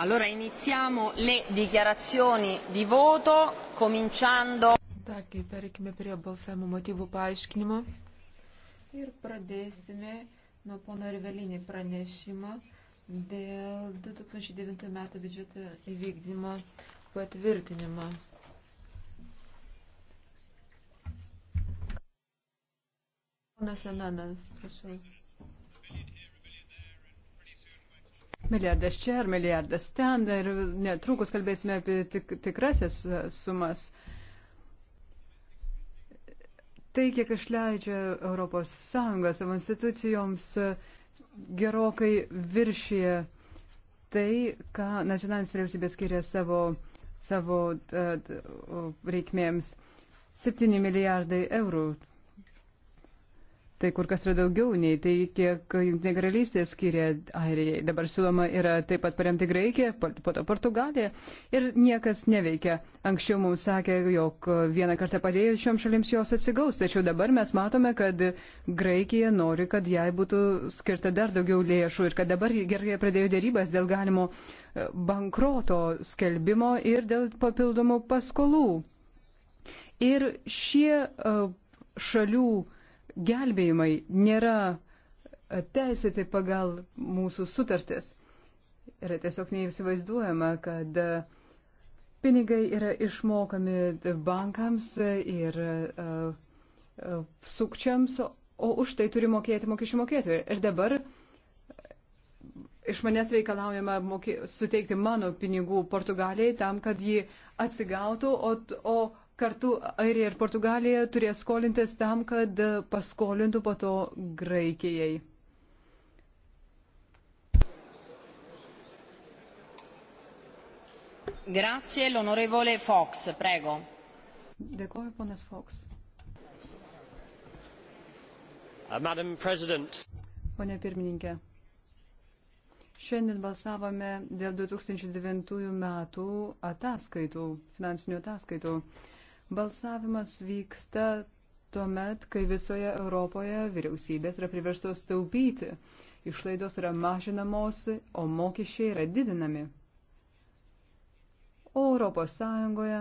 Allora iniziamo le dichiarazioni di voto, cominciando. Taigi, perikime prie balsavimo motyvų paaiškinimo. Ir pradėsime nuo pono Rivelinį pranešimo dėl 2009 metų biudžeto įvykdymo patvirtinimo. Ponas Lenanas, prašau. Milijardas čia ar milijardas ten ir netrukus kalbėsime apie tik, tikrasias e, sumas. Tai, kiek išleidžia ES savo institucijoms, e, gerokai viršyje tai, ką nacionalinis vyriausybė skiria savo, savo uh, reikmėms. 7 milijardai eurų Tai kur kas yra daugiau nei tai, kiek Junktinė karalystė skiria Airijai. Dabar siūloma yra taip pat paremti Graikiją, po to Portugaliją. Ir niekas neveikia. Anksčiau mums sakė, jog vieną kartą padėjus šioms šalims jos atsigaus. Tačiau dabar mes matome, kad Graikija nori, kad jai būtų skirta dar daugiau lėšų ir kad dabar gerai pradėjo dėrybas dėl galimo e, bankroto skelbimo ir dėl papildomų paskolų. Ir šie e, šalių gelbėjimai nėra teisėti pagal mūsų sutartis. Yra tiesiog neįsivaizduojama, kad e, pinigai yra išmokami bankams ir e, e, sukčiams, o už tai turi mokėti mokesčių mokėtojai. Ir dabar iš manęs reikalaujama mokė, suteikti mano pinigų Portugalijai tam, kad ji atsigautų, o, o Kartu Airija ir Portugalija turės skolintis tam, kad paskolintų po to Graikijai. Grazie, l'onorevole Fox, prego. Dėkuoju, ponas Fox. Uh, Madam President. Pone pirmininkė. Šiandien balsavome dėl 2009 metų ataskaitų, finansinių ataskaitų. Balsavimas vyksta tuomet, kai visoje Europoje vyriausybės yra priverstos taupyti. Išlaidos yra mažinamos, o mokesčiai yra didinami. O Europos Sąjungoje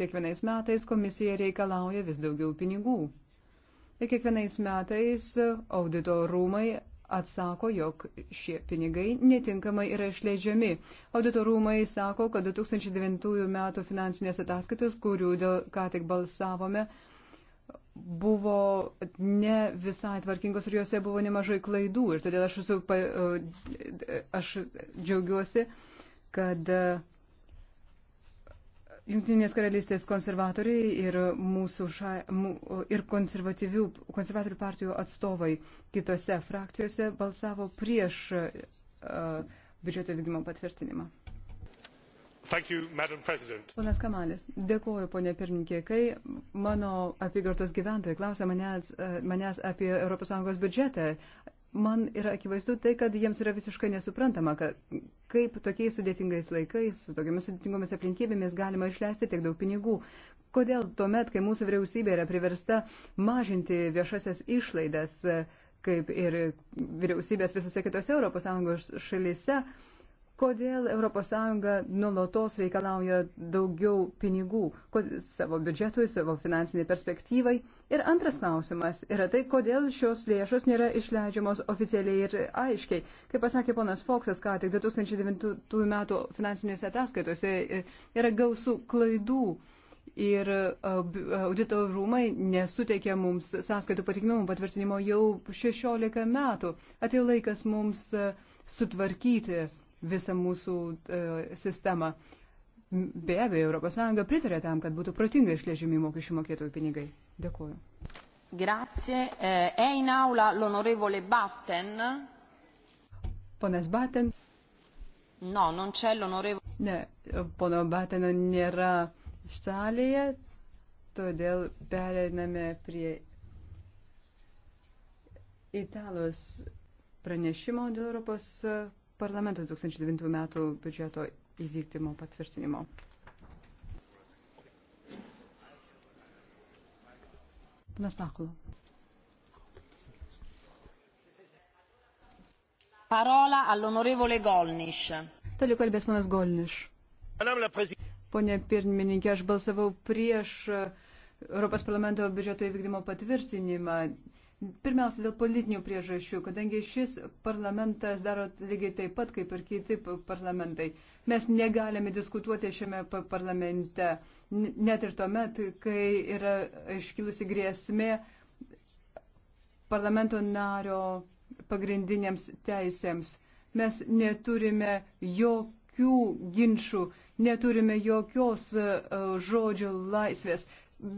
kiekvienais metais komisija reikalauja vis daugiau pinigų. Ir kiekvienais metais audito rūmai atsako, jog šie pinigai netinkamai yra išleidžiami. Auditorumai sako, kad 2009 metų finansinės ataskaitos, kurių dėl ką tik balsavome, buvo ne visai tvarkingos ir juose buvo nemažai klaidų. Ir todėl aš, esu, aš džiaugiuosi, kad Junktinės karalystės konservatoriai ir mūsų ša, mū, ir konservatyvių, konservatorių partijų atstovai kitose frakcijose balsavo prieš uh, biudžeto vykdymo patvirtinimą. You, Ponas Kamalis, dėkoju, ponė pirmininkė, kai mano apygardos gyventojai klausia manęs, manęs apie ES biudžetą Man yra akivaizdu tai, kad jiems yra visiškai nesuprantama, kad, kaip tokiais sudėtingais laikais, su tokiamis sudėtingomis aplinkybėmis galima išleisti tiek daug pinigų. Kodėl tuomet, kai mūsų vyriausybė yra priversta mažinti viešasias išlaidas, kaip ir vyriausybės visose kitose ES šalise, uh, Kodėl ES nulatos reikalauja daugiau pinigų kodėl, savo biudžetui, savo finansiniai perspektyvai? Ir antras klausimas yra tai, kodėl šios lėšos nėra išleidžiamos oficialiai ir aiškiai. Kaip pasakė ponas Foksas, ką tik 2009 metų finansinėse ataskaitose e, yra gausų klaidų. Ir e, audito rūmai nesuteikia mums sąskaitų patikimimų patvirtinimo jau 16 metų. Atėjo laikas mums e, sutvarkyti visą mūsų e, sistemą. Be abejo, ES pritarė tam, kad būtų protingai išleidžiami mokesčių mokėtojų pinigai. Dėkuoju. Grazie. E, è in aula l'onorevole Batten. Ponas Batten. No, non c'è l'onorevole. Ne, pono Batteno nėra salėje, todėl pereiname prie Italos pranešimo dėl Europos parlamento 2009 metų biudžeto įvykdymo patvirtinimo. Panas Nakulo. Parola all'onorevole Golniš. Toliau kalbės manas Golniš. Pone pirmininkė, aš balsavau prieš Europos parlamento biudžeto įvykdymo patvirtinimą. Pirmiausia, dėl politinių priežasčių, kadangi šis parlamentas daro lygiai taip pat kaip ir kiti parlamentai. Mes negalime diskutuoti šiame parlamente, net ir tuomet, kai yra iškilusi grėsmė parlamento nario pagrindiniams teisėms. Mes neturime jokių ginčių, neturime jokios e, žodžių laisvės.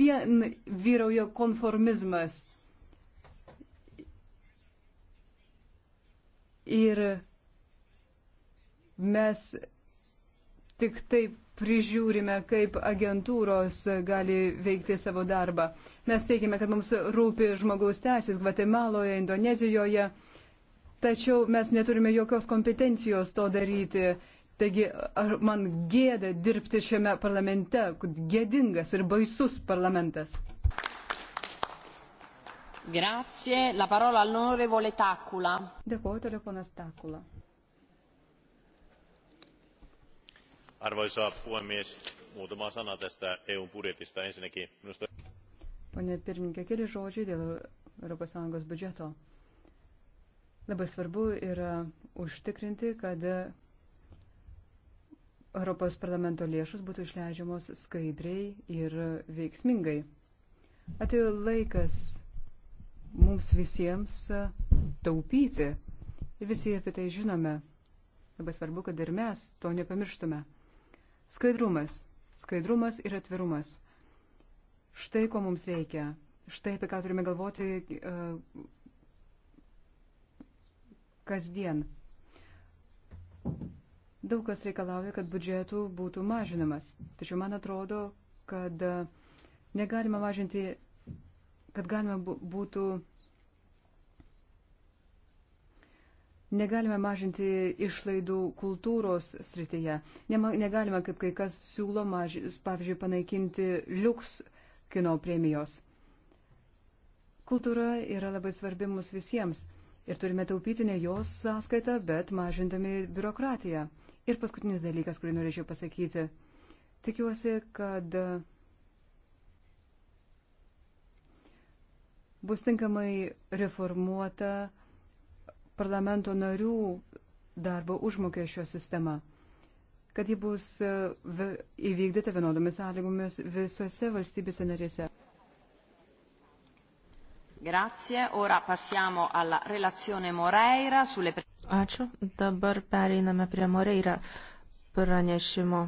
Vien vyrauja konformizmas Ir mes tik taip prižiūrime, kaip agentūros gali veikti savo darbą. Mes teigiame, kad mums rūpi žmogaus teisės Gvatemaloje, Indonezijoje, tačiau mes neturime jokios kompetencijos to daryti. Taigi man gėda dirbti šiame parlamente, gėdingas ir baisus parlamentas. Grazie. La parola all'onorevole Takula. Dėkuoju, toliau ponas Takula. Arvoisa puhemies, muutama sana tästä EUn budjetista ensinnäkin. Minusta... Pone pirmininkė, keli žodžiai dėl ES biudžeto. Labai svarbu yra užtikrinti, kad Europos parlamento lėšos būtų išleidžiamos skaidriai ir veiksmingai. Atėjo laikas mums visiems e, taupyti. Ir visi apie tai žinome. Labai svarbu, kad ir mes to nepamirštume. Skaidrumas. Skaidrumas ir atvirumas. Štai ko mums reikia. Štai apie ką turime galvoti uh, kasdien. Daug kas reikalauja, kad biudžetų būtų mažinamas. Tačiau man atrodo, kad negalima mažinti kad galima būtų. Negalime mažinti išlaidų kultūros srityje. Negalime, kaip kai kas siūlo, maž... pavyzdžiui, panaikinti liuks kino premijos. Kultūra yra labai svarbi mums visiems ir turime taupyti ne jos sąskaitą, bet mažindami biurokratiją. Ir paskutinis dalykas, kurį norėčiau pasakyti. Tikiuosi, kad bus tinkamai reformuota parlamento narių darbo užmokesčio sistema, kad ji bus e, įvykdyta vienodomis sąlygomis visose valstybėse narėse. Grazie. Ora passiamo alla relazione Moreira sulle. Ačiū. Dabar pereiname prie Moreira pranešimo.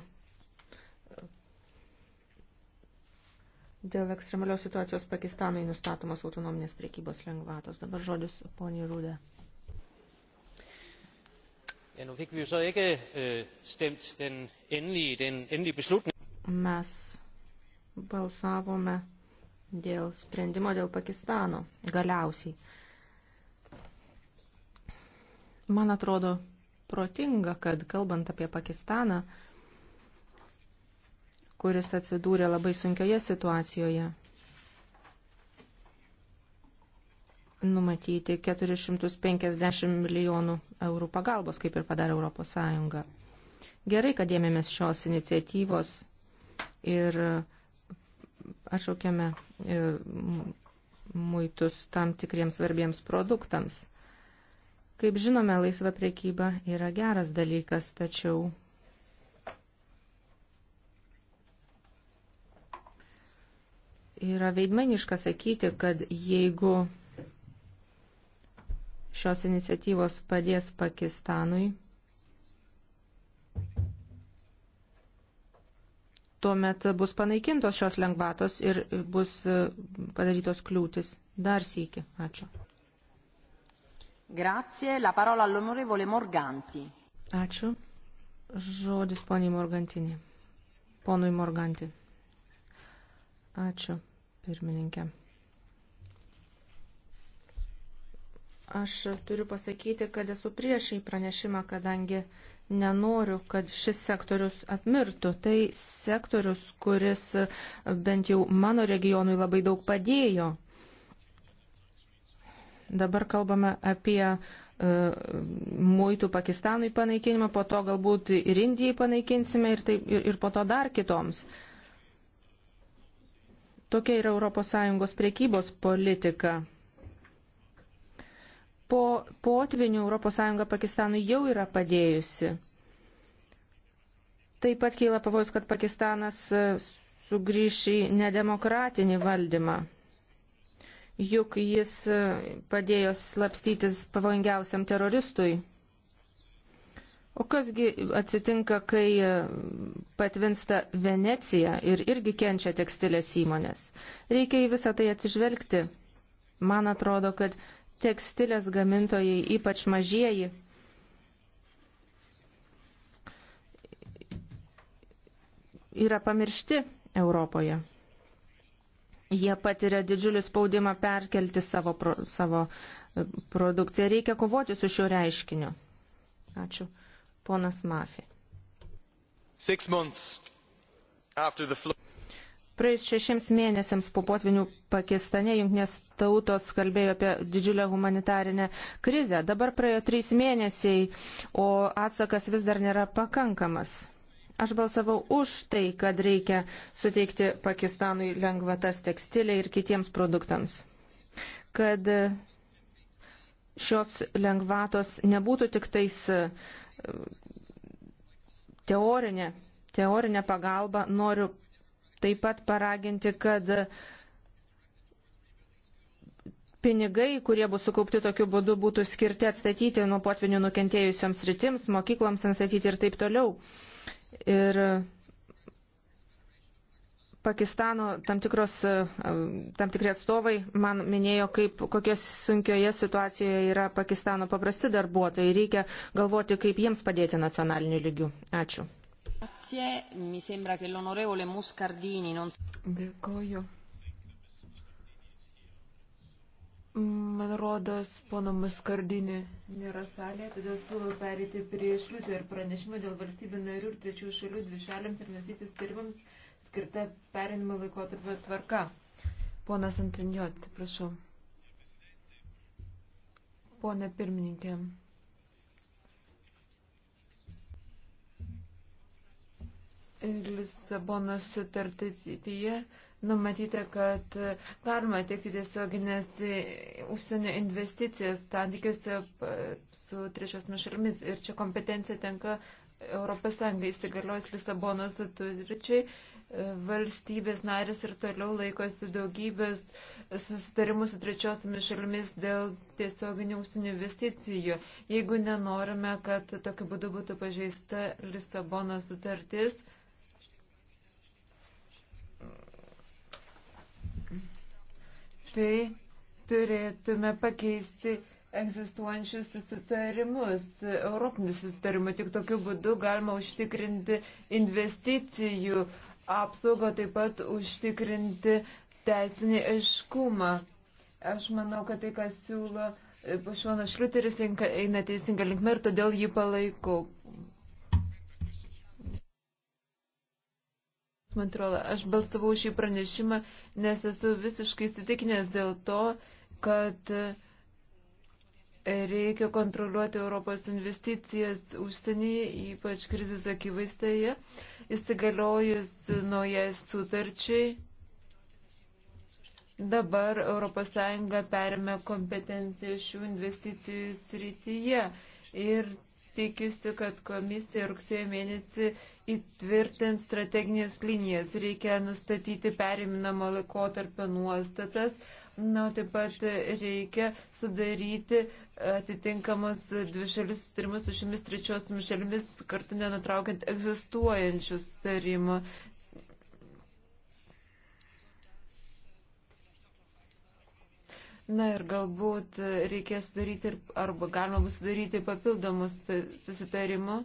dėl ekstremalios situacijos Pakistanui nustatomos autonominės priekybos lengvatos. Dabar žodis poniai Rūdė. Ja, nu fik vi jo så ikke øh, stemt den endelige, den endelige beslutning. Mes balsavome dėl sprendimo dėl Pakistano galiausiai. Man atrodo protinga, kad kalbant apie Pakistaną, kuris atsidūrė labai sunkioje situacijoje. Numatyti 450 milijonų eurų pagalbos, kaip ir padarė Europos Sąjunga. Gerai, kad ėmėmės šios iniciatyvos ir atšaukėme e, muitus tam tikriems svarbiems produktams. Kaip žinome, laisva priekyba yra geras dalykas, tačiau yra veidmeniška sakyti, kad jeigu šios iniciatyvos padės Pakistanui, tuomet bus panaikintos šios lengvatos ir bus padarytos kliūtis. Dar sėki. Ačiū. Grazie. La parola all'onorevole Morganti. Ačiū. Žodis poniai Morgantinė. Ponui Morganti. Ačiū pirmininkė. Aš turiu pasakyti, kad esu prieš į pranešimą, kadangi nenoriu, kad šis sektorius apmirtų. Tai sektorius, kuris bent jau mano regionui labai daug padėjo. Dabar kalbame apie uh, muitų Pakistanui panaikinimą, po to galbūt ir Indijai panaikinsime ir, taip, ir, ir po to dar kitoms. Uh, Tokia yra ES priekybos politika. Po potvinių ES Pakistanui jau yra padėjusi. Taip pat keila pavojus, kad Pakistanas e, sugrįš į nedemokratinį valdymą. Juk jis e, padėjo slapstytis pavojingiausiam teroristui. O kasgi atsitinka, kai e, patvinsta Venecija ir irgi kenčia tekstilės įmonės? Reikia į visą tai atsižvelgti. Man atrodo, kad tekstilės gamintojai, ypač mažieji, yra pamiršti Europoje. Jie patiria didžiulį spaudimą perkelti savo, pro, savo e, produkciją. Reikia kovoti su šiuo reiškiniu. Ačiū ponas Mafi. Praėjus šešiems mėnesiams po potvinių Pakistane jungtinės tautos kalbėjo apie didžiulę humanitarinę krizę. Dabar praėjo trys mėnesiai, o atsakas vis dar nėra pakankamas. Aš balsavau už tai, kad reikia suteikti Pakistanui lengvatas tekstilė ir kitiems produktams. Kad šios lengvatos nebūtų tik tais uh, teorinę, teorinę pagalbą. Noriu taip pat paraginti, kad pinigai, kurie bus sukaupti tokiu būdu, būtų skirti atstatyti nuo potvinių nukentėjusioms rytims, mokykloms atstatyti ir taip toliau. Ir Pakistano tam, tikros, e, tam tikri atstovai man minėjo, kaip, kokie sunkioje situacijoje yra Pakistano paprasti darbuotojai. Reikia galvoti, kaip jiems padėti nacionaliniu lygiu. Ačiū. Dėkoju. Man rodos, pono Muskardinį nėra salė, todėl siūlau perėti prie šliūtį ir pranešimą dėl valstybių narių ir trečių šalių dvišaliams ir investicijų skirimams skirta perinimo laikotarpio tvarka. Ponas Antonio, atsiprašau. Pone pirmininkė. Lisabonos sutartyje numatyta, kad galima teikti tiesioginės užsienio investicijas santykiuose su trečiosiomis šalimis ir čia kompetencija tenka Europos Sąjungai įsigaliojus Lisabonos sutarčiai valstybės narės ir toliau laikosi daugybės susitarimų su trečiosiomis šalimis dėl tiesioginių užsienio investicijų. Jeigu nenorime, kad tokiu būdu būtų pažeista Lisabono sutartis, tai turėtume pakeisti egzistuojančius susitarimus, europinius susitarimus. Tik tokiu būdu galima užtikrinti investicijų uh, apsaugą, taip pat užtikrinti teisinį aiškumą. Aš manau, kad tai, ką siūlo Šonas e, Šliuteris, eina teisinga linkme ir todėl jį palaikau. Mantrola, aš balsavau šį pranešimą, nes esu visiškai įsitikinęs dėl to, kad e, reikia kontroliuoti Europos investicijas užsienyje, ypač krizės akivaizdoje. Tai įsigaliojus naujai sutarčiai, dabar ES perėmė kompetenciją šių investicijų srityje ir tikiuosi, kad komisija rugsėjo mėnesį įtvirtins strateginės linijas. Reikia nustatyti periminamo laikotarpio nuostatas, Na, taip pat reikia sudaryti atitinkamus dvišalius sustarimus su šiomis trečiosiomis šalimis, kartu nenutraukiant egzistuojančių sustarimų. Na ir galbūt reikės daryti arba galima bus daryti papildomus susitarimu.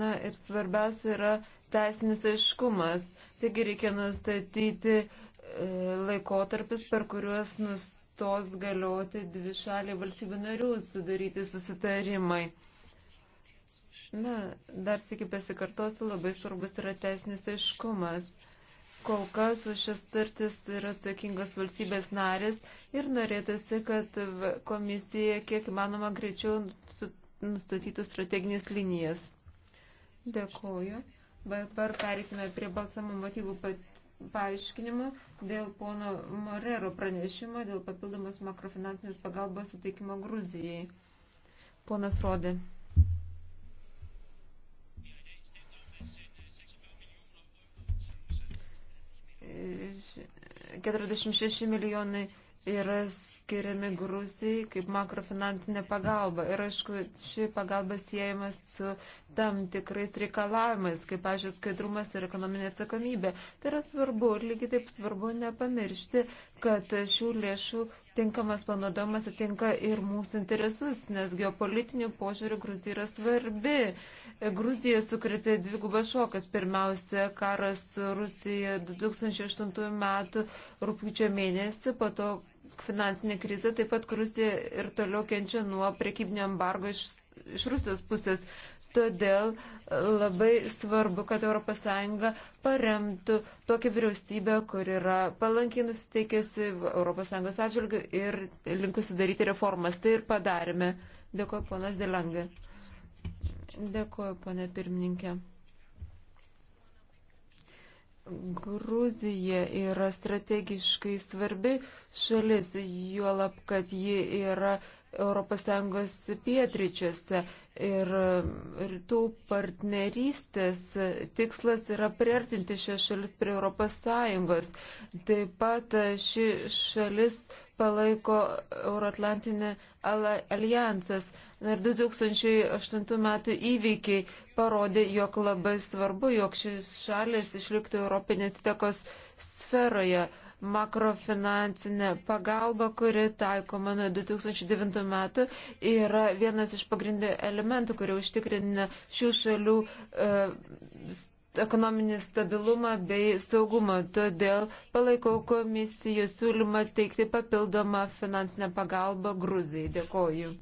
Na ir svarbiausia yra teisinis aiškumas. Taigi reikia nustatyti uh, laikotarpis, per kuriuos nustos galioti dvi šaliai valstybių narių sudaryti susitarimai. Na, dar sėki pasikartosiu, labai svarbus yra teisinis aiškumas. Kol kas už šias tartis yra atsakingos valstybės narės ir norėtųsi, kad komisija kiek įmanoma greičiau nustatytų strateginės linijas. Dėkuoju. Dabar pereikime prie balsamo motyvų pat paaiškinimų dėl pono Morero pranešimo dėl papildomos makrofinansinės pagalbos suteikimo Gruzijai. Ponas Rodė. Iš 46 milijonai yra skiriami Gruzijai kaip makrofinansinė pagalba. Ir aišku, ši pagalba siejama su tam tikrais reikalavimais, kaip, pažiūrėjau, skaidrumas ir ekonominė atsakomybė. Tai yra svarbu ir lygiai taip svarbu nepamiršti, kad šių lėšų tinkamas panaudojimas atitinka ir mūsų interesus, nes geopolitinių požiūrių Gruzija yra svarbi. Gruzija sukretė dvigubas šokas. Pirmiausia, karas Rusija 2008 metų rūpiučio mėnesį, po to finansinė krizė, taip pat Gruzija ir toliau kenčia nuo prekybinio embargo iš, iš Rusijos pusės. Todėl e, labai svarbu, kad ES paremtų tokią vyriausybę, kur yra palankiai nusiteikėsi ES atžvilgių ir linkusi daryti reformas. Tai ir padarėme. Dėkuoju, ponas Delangė. Dėkuoju, ponė pirmininkė. Gruzija yra strategiškai svarbi šalis, juolab, kad ji yra ES pietryčiuose ir e, rytų partnerystės tikslas yra priartinti šias šalis prie ES. Taip pat e, ši šalis palaiko Euroatlantinį alijansas. Ir 2008 metų įvykiai parodė, jog labai svarbu, jog šis šalis išliktų Europinės įtakos sferoje makrofinansinė pagalba, kuri taikoma nuo 2009 metų, yra vienas iš pagrindinių elementų, kurie užtikrina šių šalių e, ekonominį stabilumą bei saugumą. Todėl palaikau komisijos siūlymą teikti papildomą finansinę pagalbą Gruzijai. Dėkoju.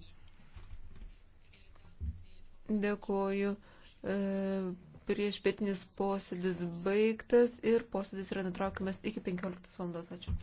Dėkoju. E, prieš pietinis posėdis baigtas ir posėdis yra nutraukiamas iki 15 val. Ačiū.